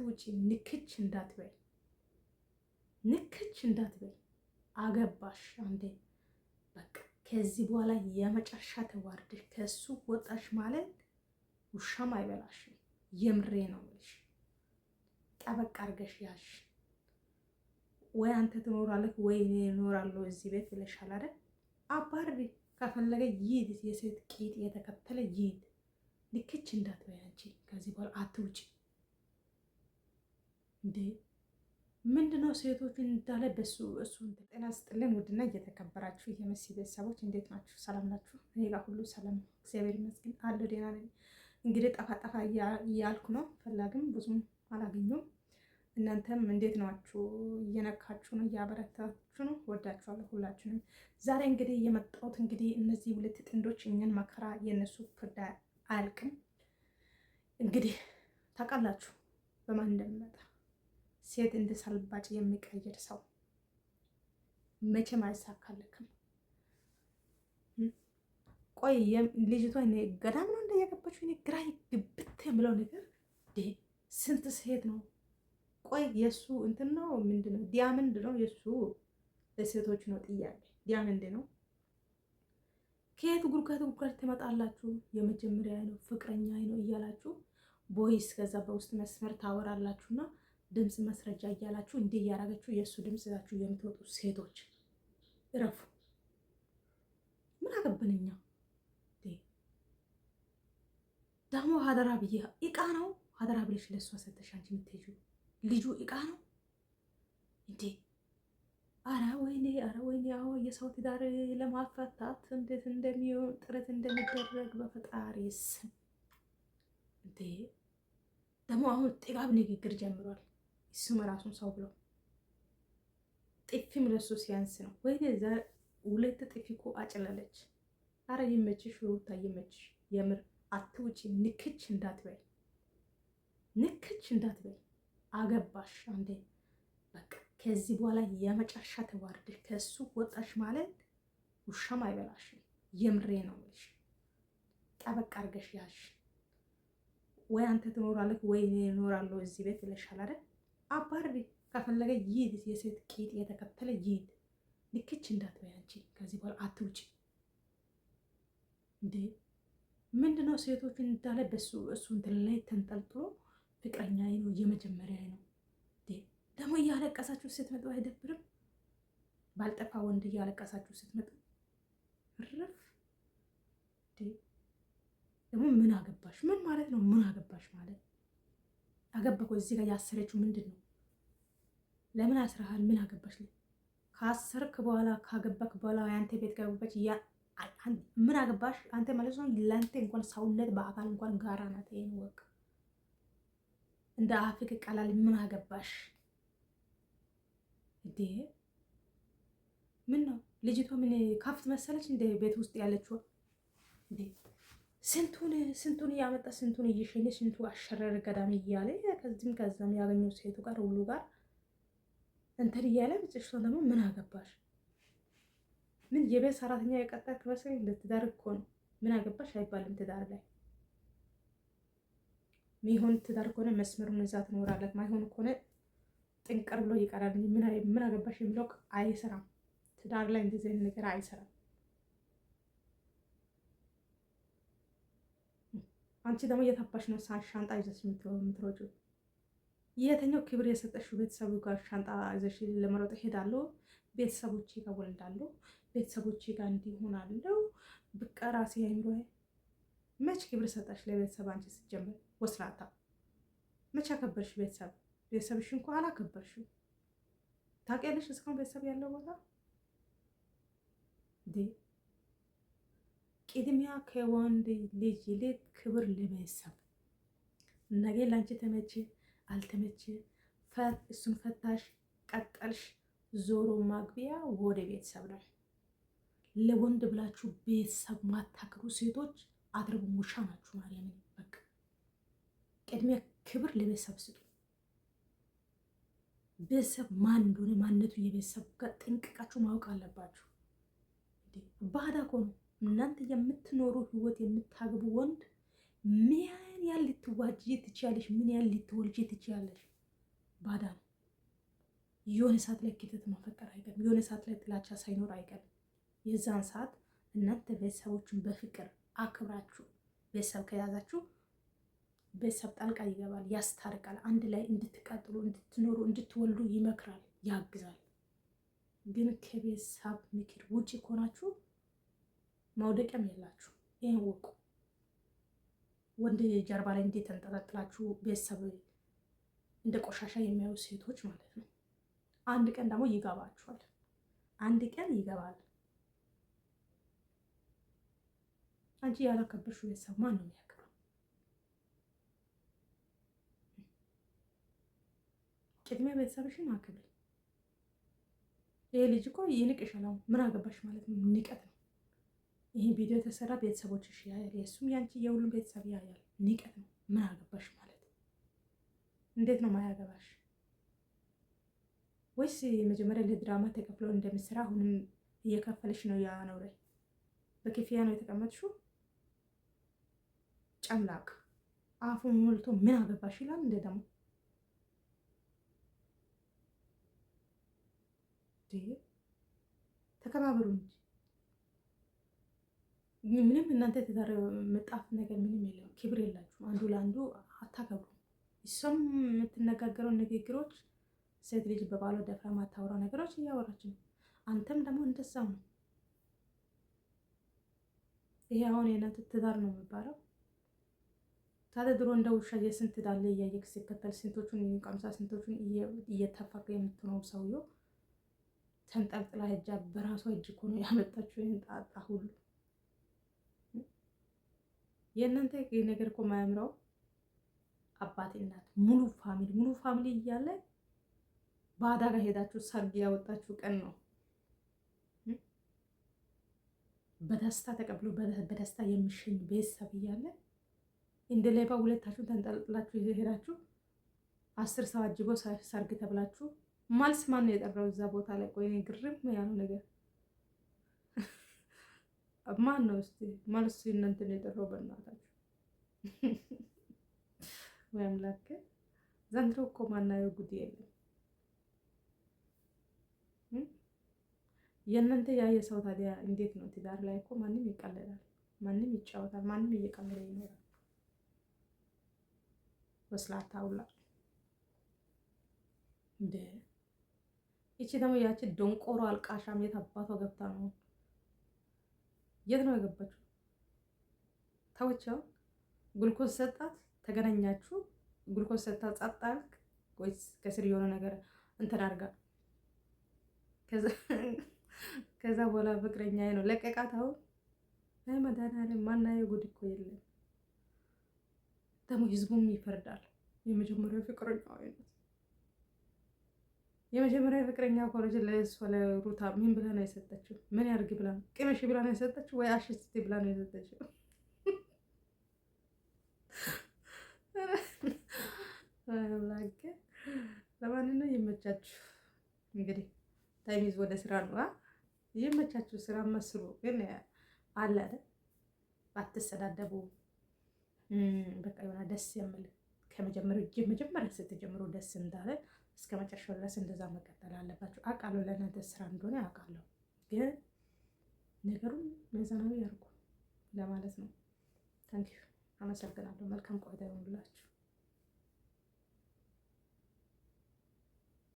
አትውጪ፣ ንክች እንዳትበይ፣ ንክች እንዳትበይ። አገባሽ አንዴ በቃ። ከዚህ በኋላ የመጨረሻ ተዋርደሽ ከሱ ወጣሽ ማለት ውሻም አይበላሽም። የምሬ ነው የምልሽ። ጠበቅ አድርገሽ ያሽ ወይ አንተ ትኖራለህ ወይ እኔ እኖራለሁ እዚህ ቤት ብለሻል አይደል? አባሪ ከፈለገ ይሂድ፣ የሴት ቂጥ የተከተለ ይሂድ። ልክች እንዳትበይ አንቺ ከዚህ በኋላ አትውጪ። እንዴ ምንድነው? ሴቶች እንዳለ በሱ እሱ ጤና ስጥልን። ውድና እየተከበራችሁ የመሲ ቤተሰቦች እንዴት ናችሁ? ሰላም ናችሁ? እኔ ጋር ሁሉ ሰላም እግዚአብሔር ይመስገን አለ ደህና ነኝ። እንግዲህ ጠፋጠፋ እያልኩ ነው፣ ፈላግም ብዙም አላገኙም። እናንተም እንዴት ናችሁ? እየነካችሁ ነው፣ እያበረታችሁ ነው። ወዳችኋለሁ ሁላችሁንም። ዛሬ እንግዲህ የመጣሁት እንግዲህ እነዚህ ሁለት ጥንዶች እኛን መከራ የእነሱ ፍርድ አያልቅም። እንግዲህ ታውቃላችሁ በማን እንደሚመጣ ሴት እንደ ሳልባጭ የሚቀይር ሰው መቼም አይሳካልክም። ቆይ ልጅቷ ገዳም ነው እንደያገባችው እኔ ግራ ግብት የምለው ነገር ስንት ሴት ነው? ቆይ የእሱ እንትን ነው ምንድን ነው ዲያመንድ ነው የእሱ ለሴቶች ነው ጥያቄ ዲያመንድ ነው። ከየት ጉድጓድ ጉድጓድ ትመጣላችሁ? የመጀመሪያ ነው ፍቅረኛ ነው እያላችሁ ቦይስ ከዛ በውስጥ መስመር ታወራላችሁና ድምፅ ማስረጃ እያላችሁ እንዲህ እያደረገችሁ የእሱ ድምፅ ይዛችሁ የምትወጡ ሴቶች እረፉ። ምን አገብን እኛ ደግሞ ሀደራ ብዬ እቃ ነው ሀደራ ብለሽ ለእሱ ሰተሽ አንቺ የምትሄጂው ልጁ እቃ ነው እንዴ? አረ ወይኔ፣ አረ ወይኔ። አዎ የሰው ትዳር ለማፈታት እንዴት እንደሚሆን ጥረት እንደሚደረግ በፈጣሪ ስም እንዴ! ደግሞ አሁን ጥጋብ ንግግር ጀምሯል። ስም ራሱን ሰው ብሎ ጥፊም ለሱ ሲያንስ ነው ወይ ዛ ሁለት ጥፊ እኮ አጭላለች። አረ ይመችሽ ሩታ ይመችሽ። የምር አትውጪ፣ ንክች እንዳትበይ፣ ንክች እንዳትበይ። አገባሽ አንዴ በቃ ከዚህ በኋላ የመጨረሻ ተዋርድ ከሱ ወጣሽ ማለት ውሻም አይበላሽም። የምሬ ነው የምልሽ። ጠበቅ አድርገሽ ያሽ ወይ አንተ ትኖራለህ ወይ እኔ እኖራለሁ እዚህ ቤት ብለሻል አይደል? አባሪ ከፈለገ ይሂድ። የሴት ጌጥ የተከተለ ይሂድ። ልክች እንዳትበይ አንቺ ከዚህ በኋላ አትውጪ። እንዴ! ምንድነው ሴቶች እንዳለ በሱ እሱ እንትን ላይ ተንጠልጥሎ ፍቅረኛ ነው የመጀመሪያ ነው ደግሞ እያለቀሳችሁ ስትመጡ አይደብርም? ባልጠፋ ወንድ እያለቀሳችሁ ስትመጡ እንዴ ደግሞ ምን አገባሽ? ምን ማለት ነው? ምን አገባሽ ማለት አገባኮ እዚህ ጋር ያሰረችው ምንድን ነው? ለምን አስረሃል? ምን አገባች ካሰርክ በኋላ ካገባክ በኋላ ያንተ ቤት ገባች። ምን አገባሽ አንተ ማለት ነው። ለአንተ እንኳን ሰውነት በአካል እንኳን ጋራ ናት። ይሄን ወቅ እንደ አፍክ ቀላል ምን አገባሽ እንዴ? ምን ነው ልጅቷ? ምን ካፍት መሰለች እንደ ቤት ውስጥ ያለችው እንዴ? ስንቱን ስንቱን እያመጣ ስንቱን እየሸኘ ስንቱ አሸረር ገዳም እያለ ከዚህም ከዛም ያገኘው ሴቱ ጋር ሁሉ ጋር እንትን እያለ ብጭሽቶ ደግሞ ምን አገባሽ? ምን የቤት ሰራተኛ የቀጣ ከመሰለኝ ለትዳር እኮ ነው። ምን አገባሽ አይባልም። ትዳር ላይ ሚሆን ትዳር ከሆነ መስመሩን እዛ ትኖራለት፣ ማይሆን ከሆነ ጥንቅር ብሎ ይቀራል። ምን አገባሽ የሚለው አይሰራም። ትዳር ላይ እንደዚህ ነገር አይሰራም። አንቺ ደግሞ እየታባሽ ነው ሻንጣ ይዘሽ የምትሮጪው። የተኛው ክብር የሰጠሽው ቤተሰቡ ጋር ሻንጣ ይዘሽ ለመሮጥ እሄዳለሁ፣ ቤተሰቦቼ ጋር ወልዳለሁ፣ ቤተሰቦቼ ጋር እንዲሆናለሁ፣ በቃ ራሴ አይምሮ። መች ክብር ሰጠሽ ለቤተሰብ? አንቺ ስትጀምር ወስላታ መቼ አከበርሽ ቤተሰብ? ቤተሰብሽ እንኳ አላከበርሽም። ታውቂያለሽ እስካሁን ቤተሰብ ያለው ቦታ ቅድሚያ ከወንድ ልጅ ይልቅ ክብር ለቤተሰብ ነገ ላንቺ ተመቼ አልተመቼ እሱን ፈታሽ ቀጠልሽ፣ ዞሮ ማግቢያ ወደ ቤተሰብ ነው። ለወንድ ብላችሁ ቤተሰብ ማታክሩ ሴቶች አድርጉ፣ ሙሻ ናችሁ። ማርያም በቃ ቅድሚያ ክብር ለቤተሰብ ስጡ። ቤተሰብ ማን እንደሆነ ማንነቱ የቤተሰብ ጋር ጥንቅቃችሁ ማወቅ አለባችሁ። ባህዳ እኮ ነው። እናንተ የምትኖሩ ህይወት የምታግቡ ወንድ ምን ያህል ልትዋጅ ትችያለሽ? ምን ያህል ልትወልጅ ትችያለሽ? ባዳ ነው። የሆነ ሰዓት ላይ ክፍተት መፈጠር አይቀርም። የሆነ ሰዓት ላይ ጥላቻ ሳይኖር አይቀርም። የዛን ሰዓት እናንተ ቤተሰቦችን በፍቅር አክብራችሁ ቤተሰብ ከያዛችሁ ቤተሰብ ጣልቃ ይገባል፣ ያስታርቃል። አንድ ላይ እንድትቀጥሉ እንድትኖሩ፣ እንድትወልዱ ይመክራል፣ ያግዛል። ግን ከቤተሰብ ምክር ውጭ ከሆናችሁ ማውደቂያም የላችሁ። ይህን ወቁ። ወንድ ጀርባ ላይ እንዴት ተንጠለጥላችሁ ቤተሰብ እንደ ቆሻሻ የሚያዩ ሴቶች ማለት ነው። አንድ ቀን ደግሞ ይገባችኋል። አንድ ቀን ይገባል። አንቺ ያላከበርሽ ቤተሰብ ማን ነው የሚያከብረው? ቅድሚያ ቤተሰብሽን አክብሪ። ይሄ ልጅ እኮ ይንቅሻል። ምን አገባሽ ማለት ነው ንቀት ነው። ይህን ቪዲዮ የተሰራ ቤተሰቦችሽ ያያል፣ የእሱም ያንቺ፣ የሁሉም ቤተሰብ ያያል። ንቀት ነው። ምን አገባሽ ማለት እንዴት ነው ማያገባሽ? ወይስ መጀመሪያ ለድራማ ተከፍሎ እንደምስራ አሁንም እየከፈለሽ ነው ያኖረ? በክፍያ ነው የተቀመጥሽው? ጨምላቅ አፉን ሞልቶ ምን አገባሽ ይላል። እንደ ደግሞ ተከባበሩ እንጂ ምንም እናንተ ትዳር መጣፍ ነገር ምንም የለም። ክብር የላችሁም። አንዱ ለአንዱ አታከብሩም። እሷም የምትነጋገረው ንግግሮች ሴት ልጅ በባሏ ደፍራ ማታወራ ነገሮች እያወራች ነው። አንተም ደግሞ እንደዛ ነው። ይሄ አሁን የእናንተ ትዳር ነው የሚባለው። ታዲያ ድሮ እንደ ውሻ የስንት ትዳር ላይ እያየክ ሲከተል ስንቶቹን ቀምሳ ስንቶቹን እየተፋቀ የምትኖር ሰውየው ተንጠልጥላ ሂጃ በራሷ እጅ እኮ ነው ያመጣችው ይህን ጣጣ ሁሉ የእናንተ ነገር እኮ ማያምረው አባት፣ እናት፣ ሙሉ ፋሚሊ ሙሉ ፋሚሊ እያለ ባዳራ ሄዳችሁ ሰርግ ያወጣችሁ ቀን ነው። በደስታ ተቀብሎ በደስታ የሚሸኝ ቤተሰብ እያለ እንደ ሌባ ሁለታችሁ ተንጠልጥላችሁ ሄዳችሁ አስር ሰው አጅቦ ሰርግ ተብላችሁ፣ ማልስ ማን ነው የጠራው እዛ ቦታ ላይ? ቆይ ግርም ያለው ነገር ማን ነው እስቲ መልሱ እስቲ እናንተን የጠራው በእናታችሁ ወይ አምላክ ዘንድሮ እኮ ማናየው ጉድ የለም የእናንተ ያየ ሰው ታዲያ እንዴት ነው ትዳር ላይ እኮ ማንም ይቀልዳል ማንም ይጫወታል ማንም እየቀለለ ይኖራል ወስላታ ሁላ እንደ ይቺ ደግሞ ያቺ ደንቆሮ አልቃሻም የት አባቷ ገብታ ነው የት ነው የገባችው? ታወቻው ግሉኮስ ሰጣት፣ ተገናኛችሁ። ግሉኮስ ሰጣ ጻጣ ወይስ ከስር የሆነ ነገር እንትን አድርጋ ከዛ በኋላ ፍቅረኛ ነው ለቀቃት። አሁን አይ መድኃኒዓለም ማናየው ጉድ እኮ የለም። ደግሞ ህዝቡም ይፈርዳል። የመጀመሪያው ፍቅረኛ አይነት የመጀመሪያ ፍቅረኛ ኮረጅ ለእሷ ለሩታ ምን ብላ ነው የሰጠችው? ምን ያርግ ብላ ነው? ቅመሽ ብላ ነው የሰጠችው ወይ አሽስቲ ብላ ነው የሰጠችው? ለማንኛውም የመቻችሁ እንግዲህ ታይሚዝ ወደ ስራ ነው የመቻችሁ ስራ መስሩ። ግን አለ አትሰዳደቡ፣ በቃ የሆነ ደስ የሚል ከመጀመሪያው መጀመሪያ ስትጀምሩ ደስ እንዳለ እስከ መጨረሻው ድረስ እንደዛ መቀጠል አለባቸው። አውቃለሁ ለእናንተ ስራ እንደሆነ አውቃለሁ፣ ግን ነገሩን ሚዛናዊ ያርጉ ለማለት ነው። ታንኪዩ አመሰግናለሁ። መልካም ቆይታ ይሆንላችሁ።